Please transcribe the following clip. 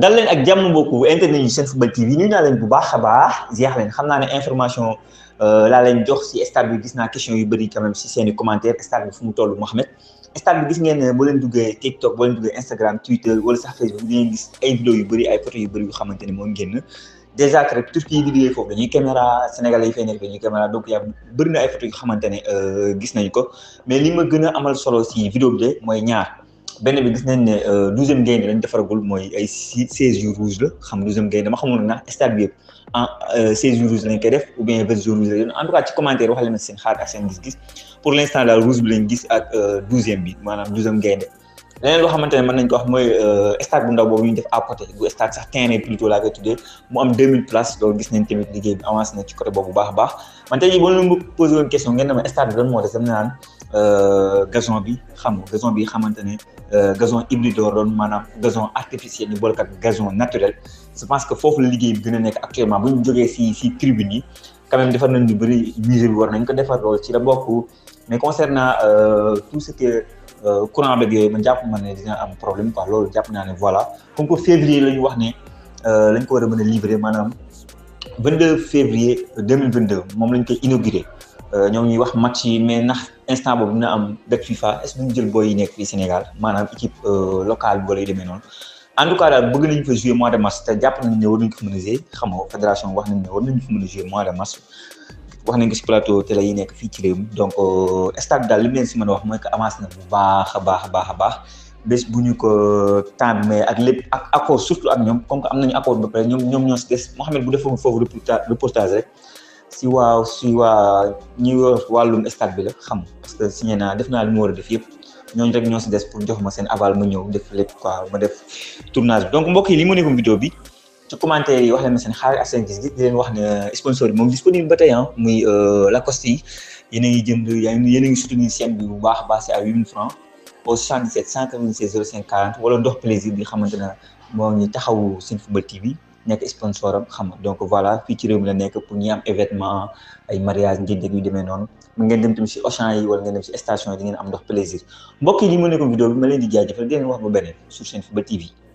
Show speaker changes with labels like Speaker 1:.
Speaker 1: dal leen ak jàmm mbokku internet yi seen football TV nuyu naa leen bu baax a baax jeex leen xam naa ne information euh, laa leen jox si stade bi gis naa question yu bëri quand même si seen i commentaire stade bi fu mu toll Mohamed stade bi gis ngeen euh, boo leen duggee TikTok boo leen duggee Instagram Twitter wala sax Facebook di yu bëri ay photo yu bëri xamante ne moom génn dèjà que rek Turquie yi di liggéey foofu dañuy caméra sénégalais yi fay nekk dañuy caméra donc yaa bëri na ay photo yu xamante ne euh, gis nañ ko mais li ma gën a amal solo si vidéo bi de mooy ñaar benn bi gis nañ ne euh, douzième gaynde lañ defaragul mooy ay six seize jours rouge la xam douzième gaynde dama xamul na stade bi yëpp ah, en euh, seize jours rouge lañ koy def ou bien vingt jours rouge lañ en tout cas commentaire wax leen seen xaar ak seen gis-gis pour l' instant daal rouge bi lañ gis ak euh, douzième bi maanaam douzième gaynde leneen loo xamante ne mën nañ ko wax mooy euh, stade bu ndaw boobu ñu def à côté bu stade sax terrain plutôt la koy tuddee mu am 2000 places loolu gis nañ tamit liggéey bi avancé na ci côté boobu bu baax a baax man tey jii ba mu posé woon question ngeen ne ma stade bi lan moo des dama naan euh, gazon bi xam nga gazon bi xamante ne euh, gazon hybride la doon maanaam gazon artificiel ñu boole gazon naturel je pense que foofu la liggéey bi gën a nekk actuellement bu ñu jógee si si tribune yi quand même defar nañ lu bëri musée bi war nañ ko defar loolu ci la bokk mais concernant tout ce que Euh, courant beeg yooyu man jàpp ma ne dina am problème quoi loolu jàpp naa ne voilà comme que février la ñu wax ne euh, lañ ko war a mën a livrer maanaam 22 février 2022 moom lañ koy inauguré euh, ñoom ñuy wax match yi mais nax instant boobu na am dëkk fa est ce jël booy yi nekk fii Sénégal maanaam équipe locale bi wala yu demee noonu en tout cas daal bëgg nañu fa jouer mois de mars te jàpp nañ ne war nañ ko mën a jouer xam nga fédération wax nañ ne war nañ mois de mars. wax nañ ko si plateau télé yi nekk fii ci réew mi donc euh, stade daal li mu si mën wax mooy que avancé na bu baax a baax a baax a baax bés bu ñu ko temps mais ak lépp ak accord surtout ak ñoom comme que am nañu accord ba ñoom ñoom ñoo si des Mouhamed bu defoon foofu reportage rek si waa si waa ñi yor wàllum stade bi la xam parce que signé naa def naa li war a def yëpp ñooñu rek ñoo si des pour jox ma seen ñëw def lépp quoi ma def tournage bi mbokk yi li mu nekkoon vidéo bi. ci commentaire yi wax leen seen xaar ak seen gis-gis di leen wax ne sponsor bi moom disponible ba tey ah muy euh, Lacoste yi yéen a ngi jënd yéen a ngi soutenir seen bi bu baax a à 8000 francs au 77 196 05 wala ndox plaisir bi nga xamante ne moo ngi taxawu seen football TV nekk sponsoram am xam donc voilà fii ci réew mi la nekk pour ñi am événement ay mariage njëndëg yu demee noonu mun ngeen dem tamit si Auchan yi wala ngeen dem si station yi di ngeen am ndox plaisir mbokk yi li mu nekkoon vidéo bi ma leen di jaajëfal di leen wax ba beneen sur seen football TV